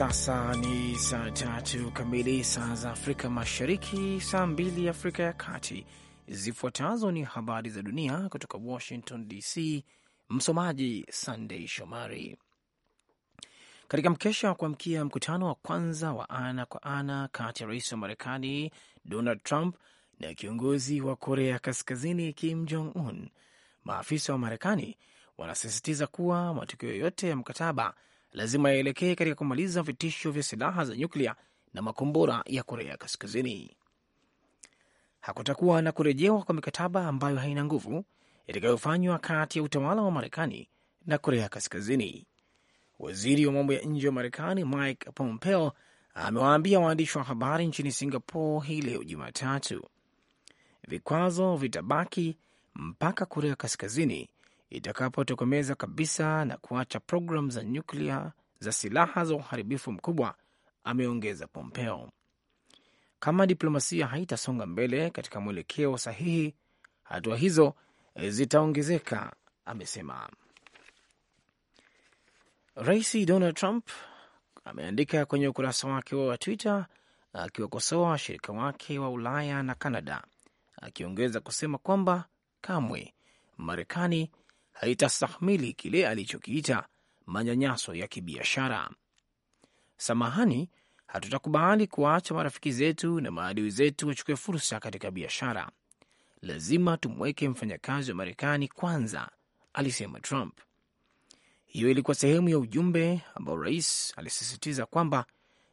Sasa ni saa tatu kamili saa za Afrika Mashariki, saa mbili Afrika ya Kati. Zifuatazo ni habari za dunia kutoka Washington DC. Msomaji Sandei Shomari. Katika mkesha wa kuamkia mkutano wa kwanza wa ana kwa ana kati ya rais wa Marekani Donald Trump na kiongozi wa Korea Kaskazini Kim Jong Un, maafisa wa Marekani wanasisitiza kuwa matukio yote ya mkataba lazima yaelekee katika kumaliza vitisho vya silaha za nyuklia na makombora ya Korea Kaskazini. Hakutakuwa na kurejewa kwa mikataba ambayo haina nguvu itakayofanywa kati ya utawala wa Marekani na Korea Kaskazini. Waziri wa mambo ya nje wa Marekani Mike Pompeo amewaambia waandishi wa habari nchini Singapore hii leo Jumatatu, vikwazo vitabaki mpaka Korea Kaskazini itakapotokomeza kabisa na kuacha pogram za nyuklia za silaha za uharibifu mkubwa, ameongeza Pompeo. Kama diplomasia haitasonga mbele katika mwelekeo sahihi, hatua hizo zitaongezeka, amesema. Rais Donald Trump ameandika kwenye ukurasa wake wa Twitter akiwakosoa washirika wake wa Ulaya na Kanada, akiongeza kusema kwamba kamwe Marekani haitastahimili kile alichokiita manyanyaso ya kibiashara. Samahani, hatutakubali kuwaacha marafiki zetu na maadui zetu wachukue fursa katika biashara. Lazima tumweke mfanyakazi wa Marekani kwanza, alisema Trump. Hiyo ilikuwa sehemu ya ujumbe ambao rais alisisitiza kwamba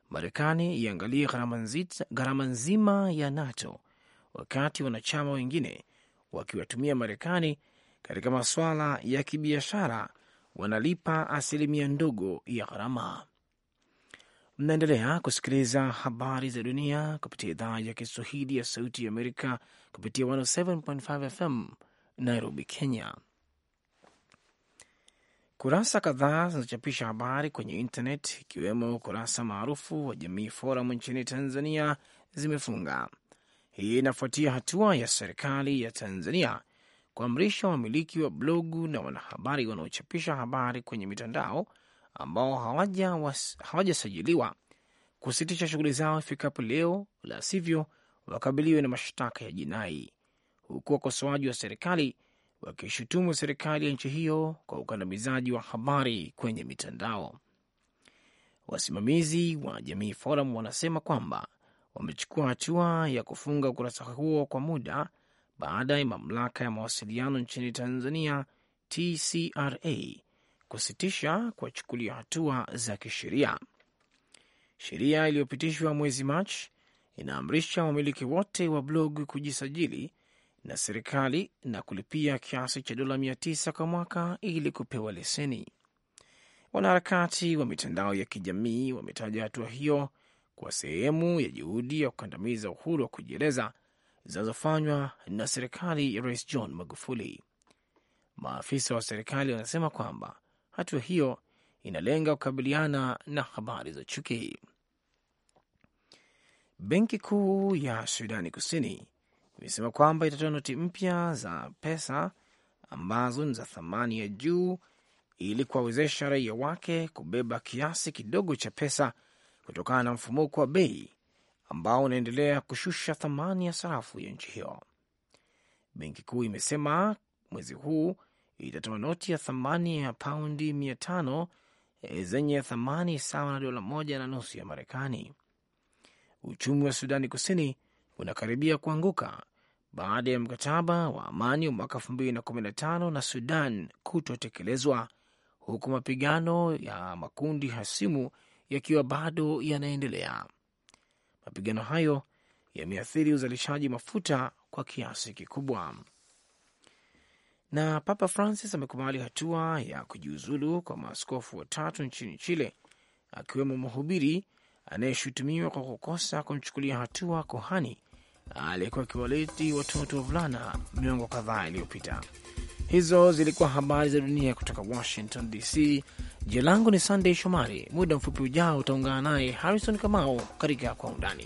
Marekani iangalie gharama nzima ya NATO, wakati wanachama wengine wakiwatumia Marekani katika masuala ya kibiashara wanalipa asilimia ndogo ya gharama. Mnaendelea kusikiliza habari za dunia kupitia idhaa ya Kiswahili ya Sauti ya Amerika kupitia 107.5 FM Nairobi, Kenya. Kurasa kadhaa zinazochapisha habari kwenye internet ikiwemo kurasa maarufu wa Jamii Forum nchini Tanzania zimefunga. Hii inafuatia hatua ya serikali ya Tanzania kuamrisha wamiliki wa blogu na wanahabari wanaochapisha habari kwenye mitandao ambao hawajasajiliwa hawaja kusitisha shughuli zao ifikapo leo, la sivyo wakabiliwe na mashtaka ya jinai, huku wakosoaji wa serikali wakishutumu serikali ya nchi hiyo kwa ukandamizaji wa habari kwenye mitandao. Wasimamizi wa Jamii Forum wanasema kwamba wamechukua hatua ya kufunga ukurasa huo kwa muda baada ya mamlaka ya mawasiliano nchini Tanzania TCRA kusitisha kuwachukulia hatua za kisheria. Sheria iliyopitishwa mwezi Machi inaamrisha wamiliki wote wa blog kujisajili na serikali na kulipia kiasi cha dola mia tisa kwa mwaka ili kupewa leseni. Wanaharakati wa mitandao ya kijamii wametaja hatua hiyo kwa sehemu ya juhudi ya kukandamiza uhuru wa kujieleza zinazofanywa na serikali ya Rais John Magufuli. Maafisa wa serikali wanasema kwamba hatua hiyo inalenga kukabiliana na habari za chuki. Benki Kuu ya Sudani Kusini imesema kwamba itatoa noti mpya za pesa ambazo ni za thamani ya juu ili kuwawezesha raia wake kubeba kiasi kidogo cha pesa kutokana na mfumuko wa bei ambao unaendelea kushusha thamani ya sarafu ya nchi hiyo. Benki kuu imesema mwezi huu itatoa noti ya thamani ya paundi mia tano eh, zenye thamani sawa na dola moja na nusu ya Marekani. Uchumi wa Sudani Kusini unakaribia kuanguka baada ya mkataba wa amani wa mwaka elfu mbili na kumi na tano na Sudan kutotekelezwa huku mapigano ya makundi hasimu yakiwa bado yanaendelea mapigano hayo yameathiri uzalishaji mafuta kwa kiasi kikubwa. Na Papa Francis amekubali hatua ya kujiuzulu kwa maaskofu watatu nchini Chile, akiwemo mhubiri anayeshutumiwa kwa kukosa kumchukulia hatua kohani aliyekuwa akiwaleti watoto wa vulana miongo kadhaa iliyopita. Hizo zilikuwa habari za dunia kutoka Washington DC. Jina langu ni Sandey Shomari. Muda mfupi ujao utaungana naye Harrison Kamau katika Kwa Undani.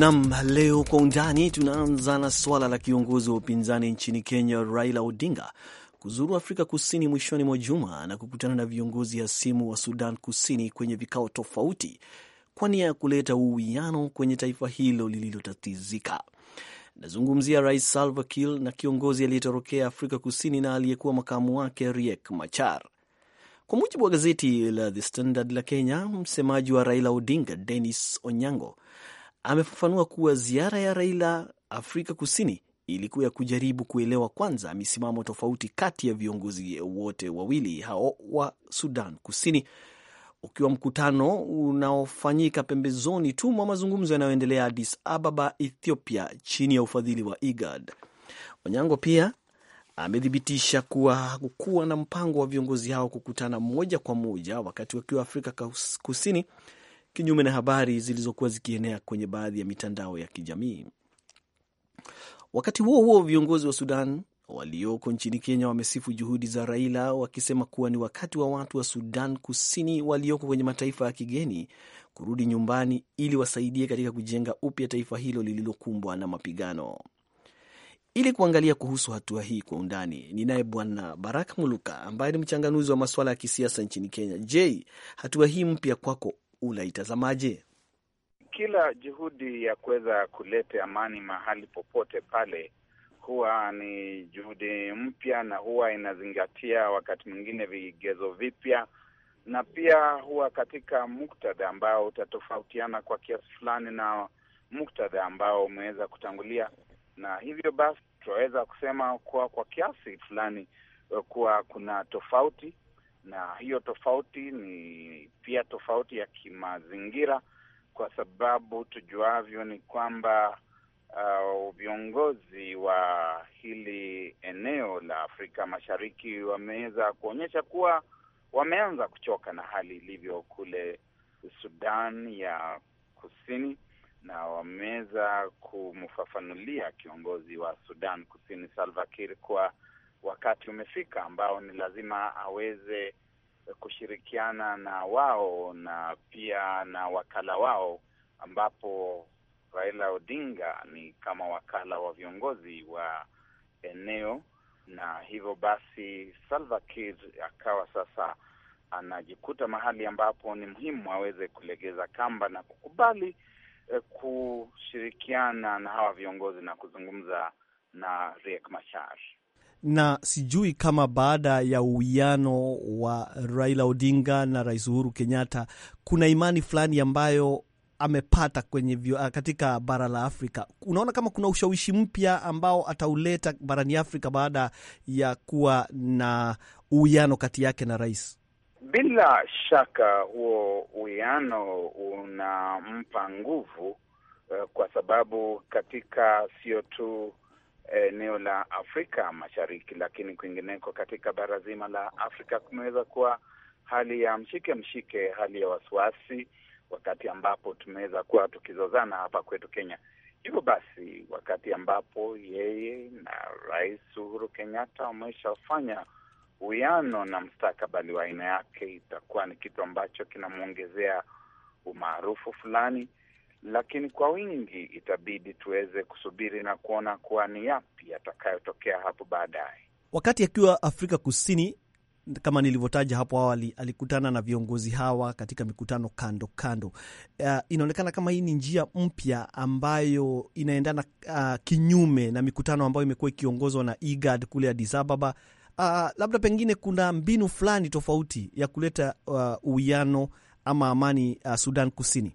Nam, leo kwa undani tunaanza na swala la kiongozi wa upinzani nchini Kenya Raila Odinga kuzuru Afrika Kusini mwishoni mwa juma na kukutana na viongozi hasimu wa Sudan Kusini kwenye vikao tofauti kwa nia ya kuleta uwiano kwenye taifa hilo lililotatizika. Nazungumzia Rais Salva Kiir na kiongozi aliyetorokea Afrika Kusini na aliyekuwa makamu wake Riek Machar. Kwa mujibu wa gazeti la The Standard la Kenya, msemaji wa Raila Odinga Dennis Onyango amefafanua kuwa ziara ya Raila Afrika Kusini ilikuwa ya kujaribu kuelewa kwanza misimamo tofauti kati ya viongozi wote wawili hao wa Sudan Kusini, ukiwa mkutano unaofanyika pembezoni tu mwa mazungumzo yanayoendelea Addis Ababa, Ethiopia, chini ya ufadhili wa IGAD. Onyango pia amethibitisha kuwa hakukuwa na mpango wa viongozi hao kukutana moja kwa moja wakati wakiwa Afrika Kusini kinyume na habari zilizokuwa zikienea kwenye baadhi ya mitandao ya kijamii. Wakati huo huo, viongozi wa Sudan walioko nchini Kenya wamesifu juhudi za Raila wakisema kuwa ni wakati wa watu wa Sudan Kusini walioko kwenye mataifa ya kigeni kurudi nyumbani ili wasaidie katika kujenga upya taifa hilo lililokumbwa na mapigano. Ili kuangalia kuhusu hatua hii kwa undani, ninaye Bwana Baraka Muluka ambaye ni mchanganuzi wa masuala ya kisiasa nchini Kenya. Je, hatua hii mpya kwako unaitazamaje? Kila juhudi ya kuweza kuleta amani mahali popote pale huwa ni juhudi mpya na huwa inazingatia wakati mwingine vigezo vipya, na pia huwa katika muktadha ambao utatofautiana kwa kiasi fulani na muktadha ambao umeweza kutangulia, na hivyo basi tunaweza kusema kuwa kwa kiasi fulani kuwa kuna tofauti na hiyo tofauti ni pia tofauti ya kimazingira, kwa sababu tujuavyo ni kwamba uh, viongozi wa hili eneo la Afrika Mashariki wameweza kuonyesha kuwa wameanza kuchoka na hali ilivyo kule Sudan ya Kusini, na wameweza kumfafanulia kiongozi wa Sudan Kusini Salva Kiir kwa wakati umefika ambao ni lazima aweze kushirikiana na wao na pia na wakala wao, ambapo Raila Odinga ni kama wakala wa viongozi wa eneo, na hivyo basi Salva Kiir akawa sasa anajikuta mahali ambapo ni muhimu aweze kulegeza kamba na kukubali eh, kushirikiana na hawa viongozi na kuzungumza na Riek Machar na sijui kama baada ya uwiano wa Raila Odinga na Rais Uhuru Kenyatta kuna imani fulani ambayo amepata kwenye vio, ah, katika bara la Afrika. Unaona kama kuna ushawishi mpya ambao atauleta barani Afrika baada ya kuwa na uwiano kati yake na rais? Bila shaka huo uwiano unampa nguvu, eh, kwa sababu katika sio tu eneo la Afrika Mashariki, lakini kwingineko katika bara zima la Afrika kumeweza kuwa hali ya mshike mshike, hali ya wasiwasi, wakati ambapo tumeweza kuwa tukizozana hapa kwetu Kenya. Hivyo basi, wakati ambapo yeye na Rais Uhuru Kenyatta wameshafanya uwiano na mstakabali wa aina yake, itakuwa ni kitu ambacho kinamwongezea umaarufu fulani lakini kwa wingi itabidi tuweze kusubiri na kuona kuwa ni yapi yatakayotokea hapo baadaye. Wakati akiwa Afrika Kusini, kama nilivyotaja hapo awali, alikutana na viongozi hawa katika mikutano kando kando. Uh, inaonekana kama hii ni njia mpya ambayo inaendana uh, kinyume na mikutano ambayo imekuwa ikiongozwa na IGAD kule Addis Ababa. Uh, labda pengine kuna mbinu fulani tofauti ya kuleta uh, uwiano ama amani uh, Sudan Kusini.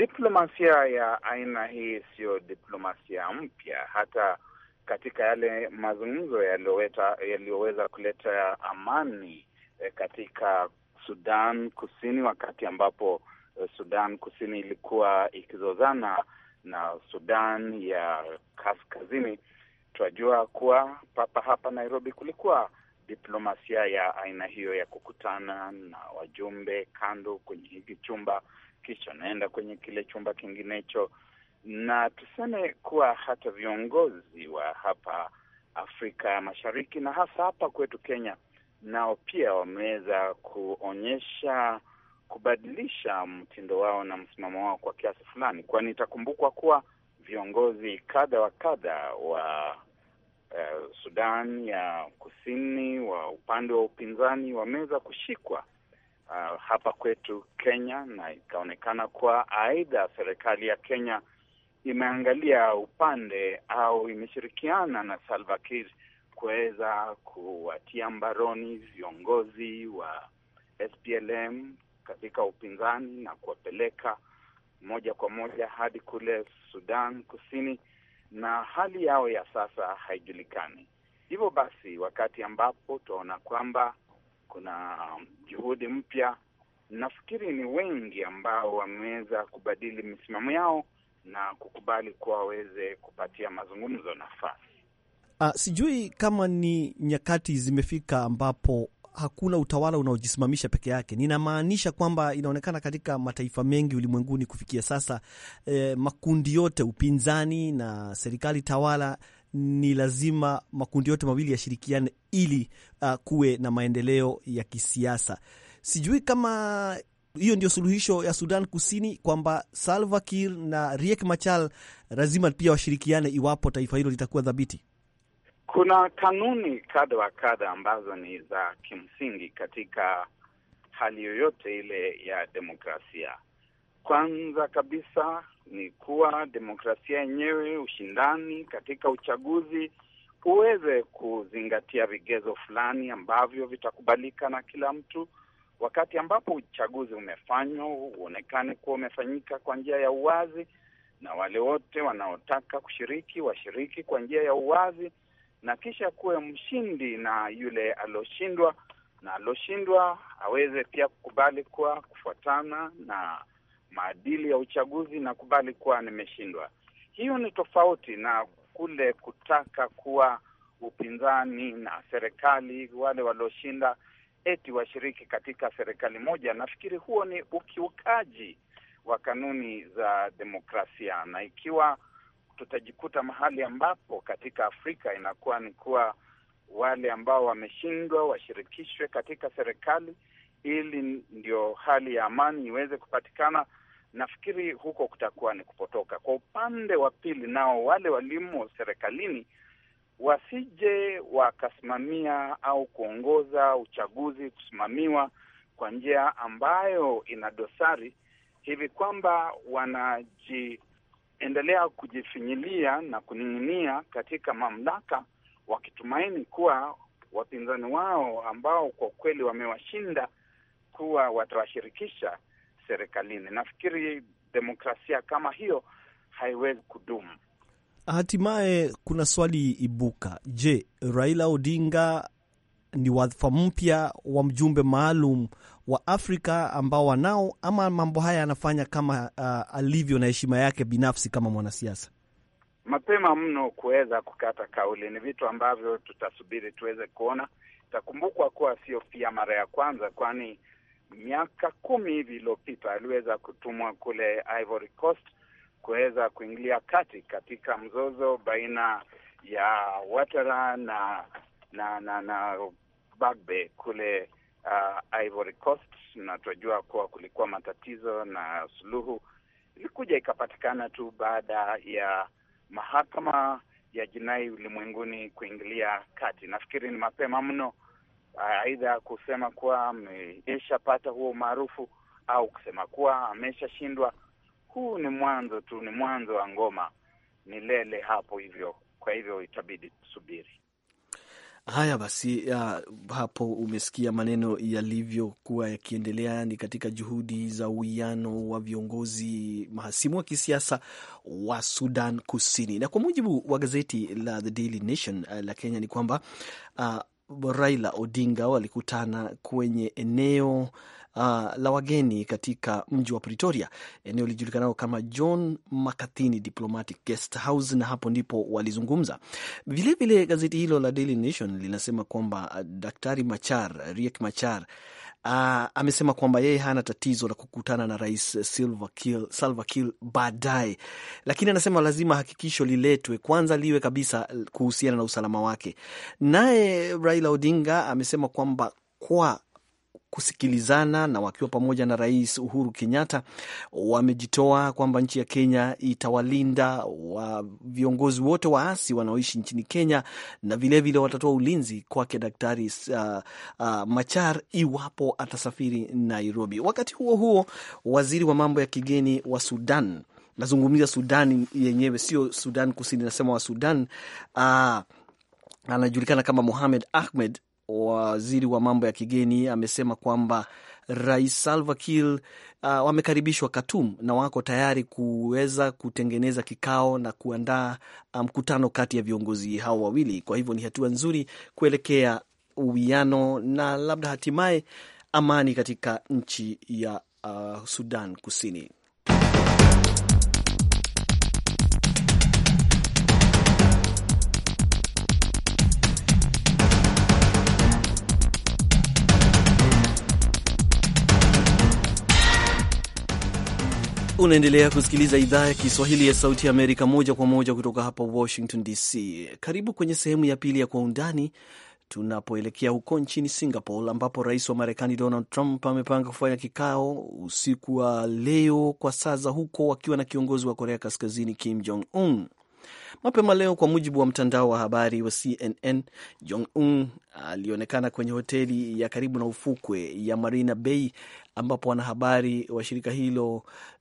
Diplomasia ya aina hii siyo diplomasia mpya. Hata katika yale mazungumzo yaliyoweza kuleta amani eh, katika Sudan Kusini, wakati ambapo eh, Sudan Kusini ilikuwa ikizozana na Sudan ya Kaskazini, tunajua kuwa papa hapa Nairobi kulikuwa diplomasia ya aina hiyo ya kukutana na wajumbe kando kwenye hiki chumba kisha naenda kwenye kile chumba kinginecho, na tuseme kuwa hata viongozi wa hapa Afrika ya Mashariki na hasa hapa kwetu Kenya nao pia wameweza kuonyesha kubadilisha mtindo wao na msimamo wao kwa kiasi fulani, kwani itakumbukwa kuwa viongozi kadha wa kadha wa eh, Sudan ya Kusini wa upande wa upinzani wameweza kushikwa uh, hapa kwetu Kenya, na ikaonekana kuwa aidha serikali ya Kenya imeangalia upande au imeshirikiana na Salva Kiir kuweza kuwatia mbaroni viongozi wa SPLM katika upinzani na kuwapeleka moja kwa moja hadi kule Sudan Kusini, na hali yao ya sasa haijulikani. Hivyo basi, wakati ambapo tunaona kwamba kuna um, juhudi mpya. Nafikiri ni wengi ambao wameweza kubadili misimamo yao na kukubali kuwa waweze kupatia mazungumzo nafasi. Ah, sijui kama ni nyakati zimefika ambapo hakuna utawala unaojisimamisha peke yake. Ninamaanisha kwamba inaonekana katika mataifa mengi ulimwenguni kufikia sasa, eh, makundi yote, upinzani na serikali tawala ni lazima makundi yote mawili yashirikiane ili uh, kuwe na maendeleo ya kisiasa. Sijui kama hiyo ndio suluhisho ya Sudan Kusini, kwamba Salva Kiir na Riek Machar lazima pia washirikiane iwapo taifa hilo litakuwa dhabiti Kuna kanuni kadha wa kadha ambazo ni za kimsingi katika hali yoyote ile ya demokrasia. Kwanza kabisa ni kuwa demokrasia yenyewe, ushindani katika uchaguzi uweze kuzingatia vigezo fulani ambavyo vitakubalika na kila mtu. Wakati ambapo uchaguzi umefanywa uonekane kuwa umefanyika kwa njia ya uwazi, na wale wote wanaotaka kushiriki washiriki kwa njia ya uwazi, na kisha kuwe mshindi na yule alioshindwa, na alioshindwa aweze pia kukubali kuwa kufuatana na maadili ya uchaguzi na kubali kuwa nimeshindwa. Hiyo ni tofauti na kule kutaka kuwa upinzani na serikali, wale walioshinda eti washiriki katika serikali moja. Nafikiri huo ni ukiukaji wa kanuni za demokrasia, na ikiwa tutajikuta mahali ambapo katika Afrika inakuwa ni kuwa wale ambao wameshindwa washirikishwe katika serikali, ili ndio hali ya amani iweze kupatikana nafikiri huko kutakuwa ni kupotoka. Kwa upande wa pili, nao wale walimo serikalini wasije wakasimamia au kuongoza uchaguzi kusimamiwa kwa njia ambayo ina dosari hivi kwamba wanajiendelea kujifinyilia na kuning'inia katika mamlaka wakitumaini kuwa wapinzani wao ambao kwa kweli wamewashinda kuwa watawashirikisha serikalini. Nafikiri demokrasia kama hiyo haiwezi kudumu. Hatimaye kuna swali ibuka, je, Raila Odinga ni wadhifa mpya wa mjumbe maalum wa Afrika ambao wanao, ama mambo haya yanafanya kama uh, alivyo na heshima yake binafsi kama mwanasiasa? Mapema mno kuweza kukata kauli, ni vitu ambavyo tutasubiri tuweze kuona. Itakumbukwa kuwa sio pia mara ya kwanza, kwani miaka kumi hivi iliyopita aliweza kutumwa kule Ivory Coast kuweza kuingilia kati katika mzozo baina ya watera na na na, na Bagbe kule uh, Ivory Coast, na tunajua kuwa kulikuwa matatizo na suluhu ilikuja ikapatikana tu baada ya mahakama ya jinai ulimwenguni kuingilia kati. Nafikiri ni mapema mno aidha kusema kuwa ameshapata huo umaarufu au kusema kuwa ameshashindwa. Huu ni mwanzo tu, ni mwanzo wa ngoma, milele hapo hivyo. Kwa hivyo itabidi tusubiri. Haya basi, ya, hapo umesikia maneno yalivyokuwa yakiendelea. Ni katika juhudi za uwiano wa viongozi mahasimu wa kisiasa wa Sudan Kusini, na kwa mujibu wa gazeti la The Daily Nation eh, la Kenya ni kwamba uh, Raila Odinga walikutana kwenye eneo uh, la wageni katika mji wa Pretoria, eneo lilijulikanao kama John Makathini Diplomatic Guest House, na hapo ndipo walizungumza. Vilevile, gazeti hilo la Daily Nation linasema kwamba uh, Daktari Machar, Riek Machar Uh, amesema kwamba yeye hana tatizo la kukutana na rais Salva Kiir baadaye, lakini anasema lazima hakikisho liletwe kwanza, liwe kabisa kuhusiana na usalama wake. Naye Raila Odinga amesema kwamba kwa kusikilizana na wakiwa pamoja na Rais Uhuru Kenyatta wamejitoa kwamba nchi ya Kenya itawalinda wa viongozi wote waasi wanaoishi nchini Kenya na vilevile vile watatoa ulinzi kwake Daktari uh, uh, Machar iwapo atasafiri Nairobi. Wakati huo huo, waziri wa mambo ya kigeni wa Sudan, nazungumzia Sudan yenyewe, sio Sudan Kusini, nasema wa Sudan uh, anajulikana kama Mohamed Ahmed waziri wa mambo ya kigeni amesema kwamba Rais Salva Kiir uh, wamekaribishwa Khartoum na wako tayari kuweza kutengeneza kikao na kuandaa uh, mkutano um, kati ya viongozi hao wawili. Kwa hivyo ni hatua nzuri kuelekea uwiano na labda hatimaye amani katika nchi ya uh, Sudan Kusini. Unaendelea kusikiliza idhaa ya Kiswahili ya Sauti ya Amerika moja kwa moja kutoka hapa Washington DC. Karibu kwenye sehemu ya pili ya Kwa Undani, tunapoelekea huko nchini Singapore ambapo rais wa Marekani Donald Trump amepanga kufanya kikao usiku wa leo kwa saa za huko, wakiwa na kiongozi wa Korea Kaskazini Kim Jong Un. Mapema leo, kwa mujibu wa mtandao wa habari wa CNN, Jong Un alionekana kwenye hoteli ya karibu na ufukwe ya Marina Bay ambapo wanahabari wa shirika hilo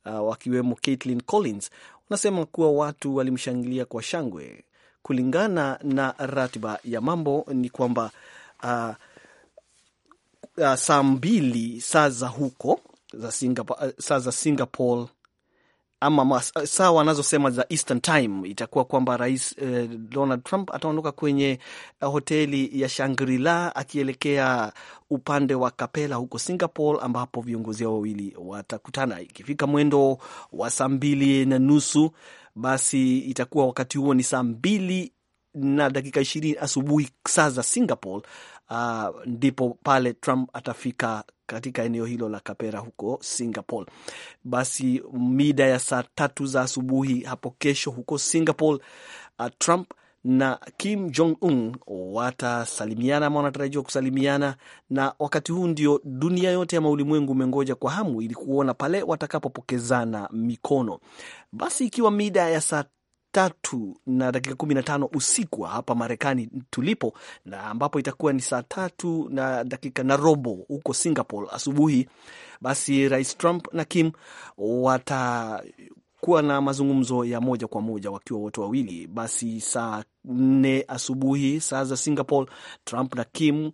uh, wakiwemo Caitlin Collins wanasema kuwa watu walimshangilia kwa shangwe. Kulingana na ratiba ya mambo ni kwamba uh, uh, saa mbili saa za huko za Singapore, uh, saa za Singapore ama saa wanazosema za Eastern Time itakuwa kwamba rais eh, Donald Trump ataondoka kwenye eh, hoteli ya Shangri-La akielekea upande wa Kapela huko Singapore, ambapo viongozi hao wawili watakutana. Ikifika mwendo wa saa mbili na nusu, basi itakuwa wakati huo ni saa mbili na dakika ishirini asubuhi saa za Singapore. Uh, ndipo pale Trump atafika katika eneo hilo la Kapera huko Singapore. Basi mida ya saa tatu za asubuhi hapo kesho huko Singapore, uh, Trump na Kim Jong Un watasalimiana ama wanatarajiwa kusalimiana, na wakati huu ndio dunia yote ama ulimwengu umengoja kwa hamu ili kuona pale watakapopokezana mikono. Basi ikiwa mida ya saa tatu na dakika kumi na tano usiku hapa Marekani tulipo, na ambapo itakuwa ni saa tatu na dakika na robo huko Singapore asubuhi. Basi Rais Trump na Kim wata kuwa na mazungumzo ya moja kwa moja wakiwa wote wawili. Basi saa nne asubuhi saa za Singapore, Trump na Kim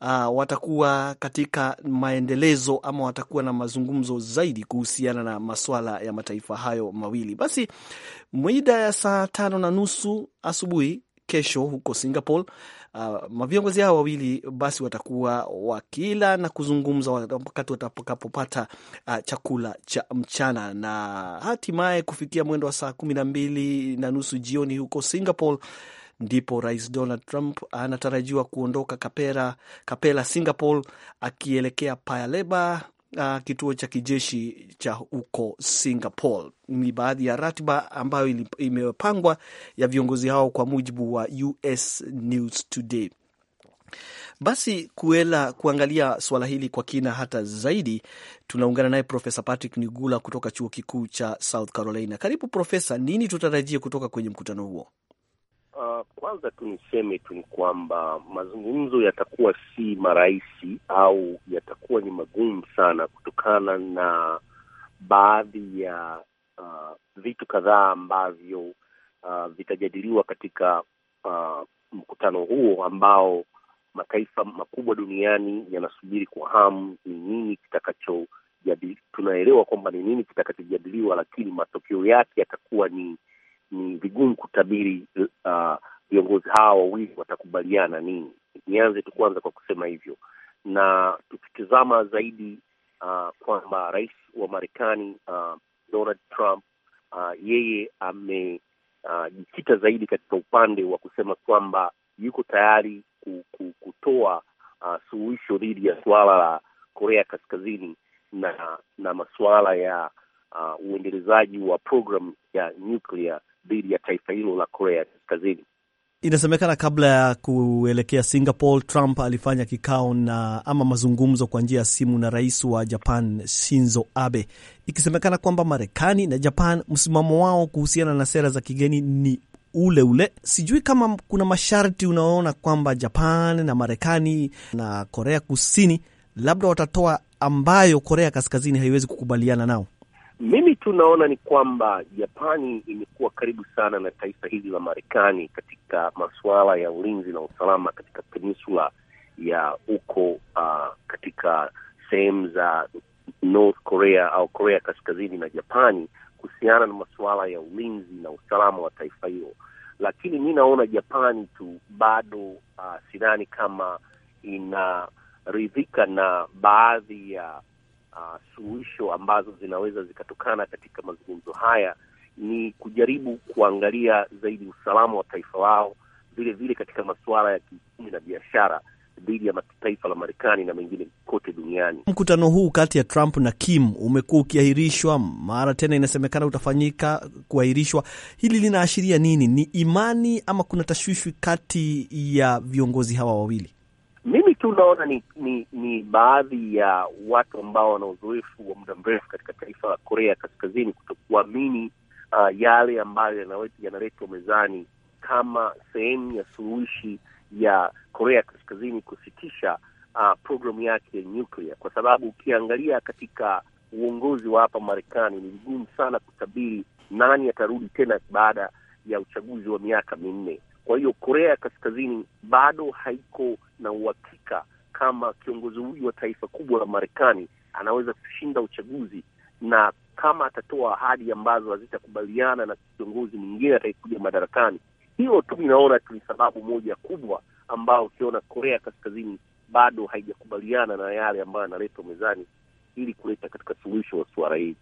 uh, watakuwa katika maendelezo ama watakuwa na mazungumzo zaidi kuhusiana na maswala ya mataifa hayo mawili. Basi mwida ya saa tano na nusu asubuhi kesho huko Singapore. Uh, viongozi hao wawili basi watakuwa wakila na kuzungumza wakati watakapopata uh, chakula cha mchana na hatimaye kufikia mwendo wa saa kumi na mbili na nusu jioni huko Singapore ndipo Rais Donald Trump anatarajiwa kuondoka Kapera, Kapela, Singapore akielekea Palembang uh, kituo cha kijeshi cha huko Singapore. Ni baadhi ya ratiba ambayo imepangwa ya viongozi hao kwa mujibu wa US News Today. Basi kuela kuangalia suala hili kwa kina hata zaidi, tunaungana naye Profesa Patrick Nigula kutoka chuo kikuu cha South Carolina. Karibu Profesa, nini tutarajie kutoka kwenye mkutano huo? Uh, kwanza tu niseme tu ni kwamba mazungumzo yatakuwa si marahisi au yatakuwa ni magumu sana, kutokana na baadhi ya uh, vitu kadhaa ambavyo uh, vitajadiliwa katika uh, mkutano huo ambao mataifa makubwa duniani yanasubiri kwa hamu ni nini kitakacho. Tunaelewa kwamba ni nini kitakachojadiliwa, lakini matokeo yake yatakuwa ni ni vigumu kutabiri uh, viongozi uh, hawa wawili watakubaliana nini. Nianze tu kwanza kwa kusema hivyo, na tukitizama zaidi uh, kwamba rais wa Marekani uh, Donald Trump uh, yeye amejikita uh, zaidi katika upande wa kusema kwamba yuko tayari kutoa uh, suluhisho dhidi ya suala la Korea Kaskazini na na masuala ya uh, uendelezaji wa programu ya nuclear dhidi ya taifa hilo la Korea Kaskazini. Inasemekana kabla ya kuelekea Singapore, Trump alifanya kikao na ama mazungumzo kwa njia ya simu na rais wa Japan Shinzo Abe, ikisemekana kwamba Marekani na Japan msimamo wao kuhusiana na sera za kigeni ni ule ule. Sijui kama kuna masharti unaona kwamba Japan na Marekani na Korea Kusini labda watatoa ambayo Korea Kaskazini haiwezi kukubaliana nao. Mimi tu naona ni kwamba Japani imekuwa karibu sana na taifa hili la Marekani katika masuala ya ulinzi na usalama katika peninsula ya uko uh, katika sehemu za North Korea au Korea Kaskazini na Japani kuhusiana na masuala ya ulinzi na usalama wa taifa hilo, lakini mi naona Japani tu bado uh, sidhani kama inaridhika na baadhi ya uh, suluhisho ambazo zinaweza zikatokana katika mazungumzo haya ni kujaribu kuangalia zaidi usalama wa taifa lao, vile vile katika masuala ya kiuchumi na biashara dhidi ya taifa la Marekani na mengine kote duniani. Mkutano huu kati ya Trump na Kim umekuwa ukiahirishwa mara tena, inasemekana utafanyika kuahirishwa. Hili linaashiria nini? Ni imani ama kuna tashwishwi kati ya viongozi hawa wawili? tu unaona ni, ni ni baadhi ya watu ambao wana uzoefu wa muda mrefu katika taifa la Korea Kaskazini kutokuamini uh, yale ambayo yanaletwa mezani kama sehemu ya suluhishi ya Korea Kaskazini kusitisha uh, programu yake ya nyuklia, kwa sababu ukiangalia katika uongozi wa hapa Marekani ni vigumu sana kutabiri nani atarudi tena baada ya uchaguzi wa miaka minne. Kwa hiyo Korea ya Kaskazini bado haiko na uhakika kama kiongozi huyu wa taifa kubwa la Marekani anaweza kushinda uchaguzi, na kama atatoa ahadi ambazo hazitakubaliana na kiongozi mwingine atakikuja madarakani. Hiyo tu inaona tu ni sababu moja kubwa ambayo ukiona Korea Kaskazini bado haijakubaliana na yale ambayo analetwa mezani ili kuleta katika suluhisho wa suala hili.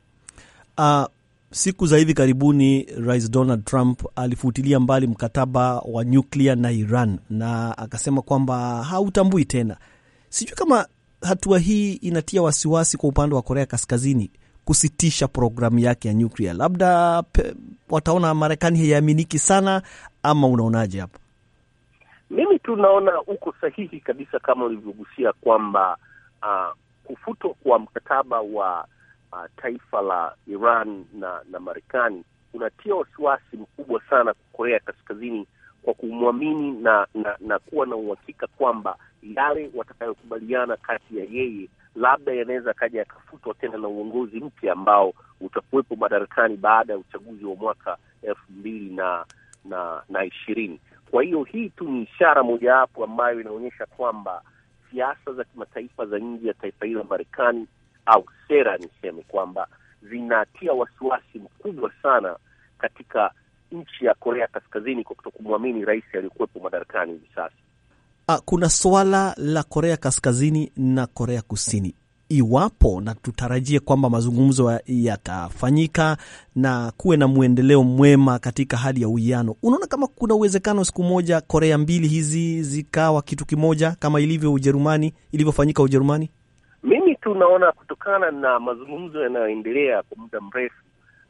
Uh, Siku za hivi karibuni Rais Donald Trump alifutilia mbali mkataba wa nyuklia na Iran na akasema kwamba hautambui tena. Sijui kama hatua hii inatia wasiwasi kwa upande wa Korea Kaskazini kusitisha programu yake ya nyuklia, labda pe, wataona Marekani haiaminiki sana, ama unaonaje hapo? Mimi tunaona uko sahihi kabisa, kama ulivyogusia kwamba uh, kufutwa kwa mkataba wa uh, taifa la Iran na na Marekani unatia wasiwasi mkubwa sana kwa Korea Kaskazini kwa kumwamini na, na na kuwa na uhakika kwamba yale watakayokubaliana kati ya yeye labda yanaweza akaja yakafutwa tena na uongozi mpya ambao utakuwepo madarakani baada ya uchaguzi wa mwaka elfu mbili na na na ishirini. Kwa hiyo hii tu ni ishara mojawapo ambayo inaonyesha kwamba siasa za kimataifa za nje ya taifa hilo la Marekani au sera niseme kwamba zinatia wasiwasi mkubwa sana katika nchi ya Korea Kaskazini kwa kutokumwamini rais aliyokuwepo madarakani hivi sasa. Ah, kuna suala la Korea Kaskazini na Korea Kusini, iwapo na tutarajie kwamba mazungumzo yatafanyika na kuwe na mwendeleo mwema katika hali ya uwiano. Unaona kama kuna uwezekano siku moja Korea mbili hizi zikawa kitu kimoja kama ilivyo Ujerumani, ilivyofanyika Ujerumani? kitu naona kutokana na mazungumzo yanayoendelea kwa muda mrefu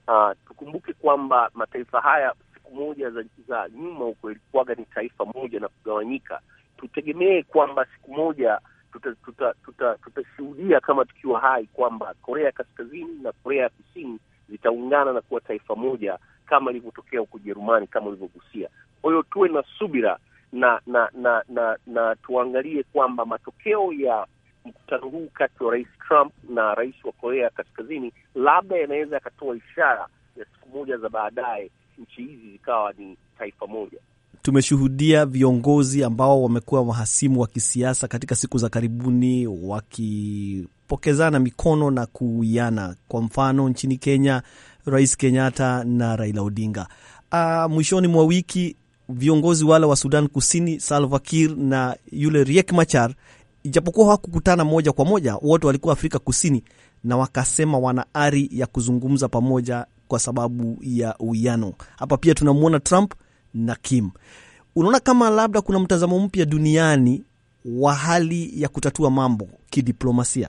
uh, tukumbuke kwamba mataifa haya siku moja za, za nyuma huko ilikuwaga ni taifa moja na kugawanyika. Tutegemee kwamba siku moja tutashuhudia tuta, tuta, tuta kama tukiwa hai kwamba Korea ya Kaskazini na Korea ya Kusini zitaungana na kuwa taifa moja kama ilivyotokea huko Ujerumani kama ulivyogusia. Kwa hiyo tuwe na subira na na na na, na tuangalie kwamba matokeo ya mkutano huu kati wa rais Trump na rais wa Korea Kaskazini labda yanaweza yakatoa ishara ya siku moja za baadaye nchi hizi zikawa ni taifa moja. Tumeshuhudia viongozi ambao wamekuwa wahasimu wa kisiasa katika siku za karibuni wakipokezana mikono na kuuiana. Kwa mfano, nchini Kenya, Rais Kenyatta na Raila Odinga. Aa, ah, mwishoni mwa wiki viongozi wale wa Sudan Kusini Salva Kiir na yule Riek Machar Ijapokuwa hawakukutana moja kwa moja, wote walikuwa Afrika Kusini na wakasema wana ari ya kuzungumza pamoja kwa sababu ya uwiano. Hapa pia tunamwona Trump na Kim. Unaona kama labda kuna mtazamo mpya duniani wa hali ya kutatua mambo kidiplomasia.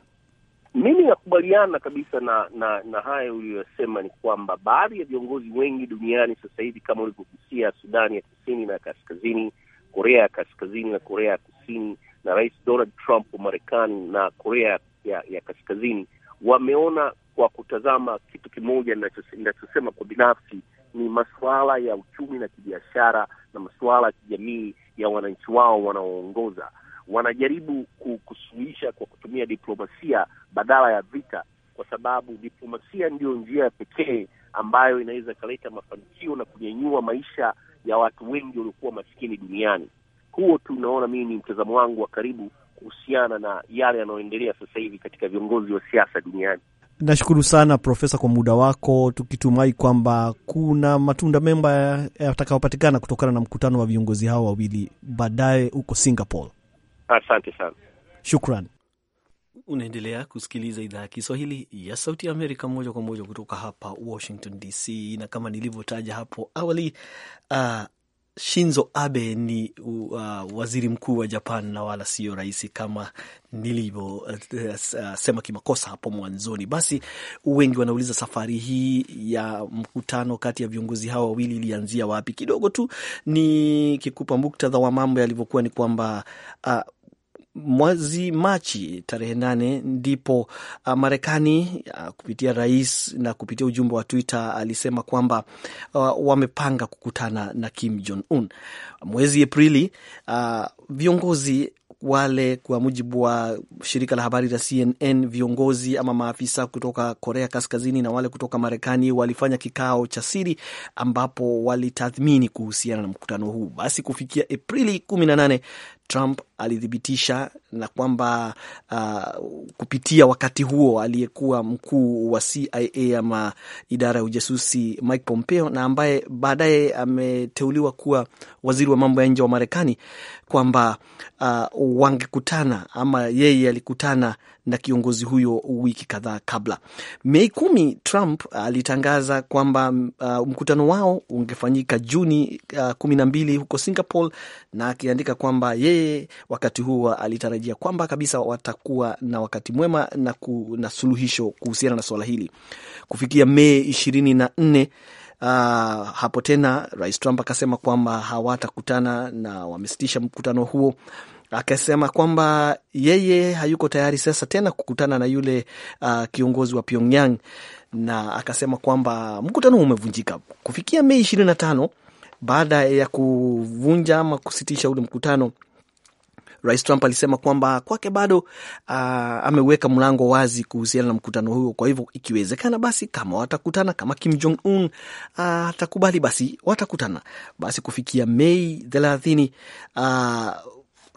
Mimi nakubaliana kabisa na na, na hayo uliyosema, ni kwamba baadhi ya viongozi wengi duniani sasa hivi kama ulivyogusia, Sudani ya Kusini na Kaskazini, Korea ya Kaskazini na Korea ya Kusini na Rais Donald Trump wa Marekani na Korea ya, ya Kaskazini wameona kwa kutazama kitu kimoja inachosema kwa binafsi ni masuala ya uchumi na kibiashara na masuala ya kijamii ya wananchi wao wanaoongoza. Wanajaribu kusuluhisha kwa kutumia diplomasia badala ya vita, kwa sababu diplomasia ndiyo njia pekee ambayo inaweza ikaleta mafanikio na kunyanyua maisha ya watu wengi waliokuwa masikini duniani. Huo tu unaona, mimi ni mtazamo wangu wa karibu kuhusiana na yale yanayoendelea sasa hivi katika viongozi wa siasa duniani. Nashukuru sana Profesa kwa muda wako, tukitumai kwamba kuna matunda mema yatakayopatikana kutokana na mkutano wa viongozi hao wawili baadaye huko Singapore. Asante sana, shukran. Unaendelea kusikiliza idhaa ya Kiswahili ya Sauti ya Amerika moja kwa moja kutoka hapa Washington DC, na kama nilivyotaja hapo awali uh, Shinzo Abe ni uh, waziri mkuu wa Japan na wala sio rais kama nilivyosema uh, uh, kimakosa hapo mwanzoni. Basi wengi wanauliza safari hii ya mkutano kati ya viongozi hawa wawili ilianzia wapi? Kidogo tu ni kikupa muktadha wa mambo yalivyokuwa ni kwamba uh, mwezi Machi tarehe nane ndipo uh, Marekani uh, kupitia rais na kupitia ujumbe wa Twitter alisema kwamba uh, wamepanga kukutana na Kim Jong Un mwezi Aprili. Uh, viongozi wale kwa mujibu wa shirika la habari la CNN, viongozi ama maafisa kutoka Korea Kaskazini na wale kutoka Marekani walifanya kikao cha siri ambapo walitathmini kuhusiana na mkutano huu. Basi kufikia Aprili 18 Trump alithibitisha na kwamba uh, kupitia wakati huo aliyekuwa mkuu wa CIA ama idara ya ujasusi Mike Pompeo, na ambaye baadaye ameteuliwa kuwa waziri wa mambo ya nje wa Marekani, kwamba uh, wangekutana ama yeye alikutana na kiongozi huyo wiki kadhaa kabla. Mei kumi, Trump alitangaza kwamba uh, mkutano wao ungefanyika Juni uh, kumi na mbili huko Singapore, na akiandika kwamba yeye wakati huo alitarajia kwamba kabisa watakuwa na wakati mwema na, kuna suluhisho kuhusiana na swala hili kufikia Mei ishirini na nne. Uh, hapo tena Rais Trump akasema kwamba hawatakutana na wamesitisha mkutano huo akasema kwamba yeye hayuko tayari sasa tena kukutana na yule uh, kiongozi wa Pyongyang na akasema kwamba mkutano huu umevunjika kufikia Mei ishirini na tano. Baada ya kuvunja ama kusitisha ule mkutano, Rais Trump alisema kwamba kwake bado uh, ameweka mlango wazi kuhusiana na mkutano huo. Kwa hivyo ikiwezekana, basi kama watakutana, kama Kim Jong Un ah, atakubali, uh, basi watakutana. Basi kufikia Mei thelathini uh,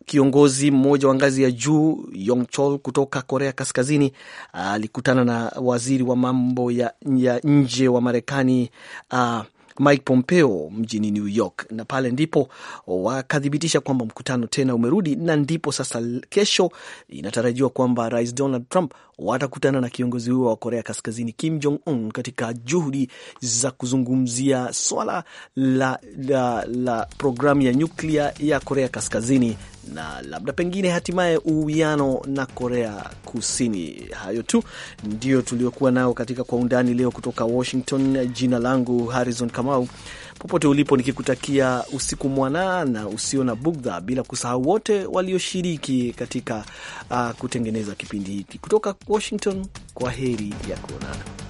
kiongozi mmoja wa ngazi ya juu Yong Chol kutoka Korea Kaskazini alikutana uh, na waziri wa mambo ya, ya nje wa Marekani uh, Mike Pompeo mjini New York, na pale ndipo wakathibitisha kwamba mkutano tena umerudi, na ndipo sasa kesho inatarajiwa kwamba Rais Donald Trump watakutana na kiongozi huo wa Korea Kaskazini Kim Jong Un katika juhudi za kuzungumzia swala la, la, la programu ya nyuklia ya Korea Kaskazini na labda pengine hatimaye uwiano na Korea Kusini. Hayo tu ndiyo tuliokuwa nao katika Kwa Undani leo kutoka Washington. Jina langu Harrison Kamau. Popote ulipo, nikikutakia usiku mwanana na usio na bugdha, bila kusahau wote walioshiriki katika uh, kutengeneza kipindi hiki. Kutoka Washington, kwa heri ya kuonana.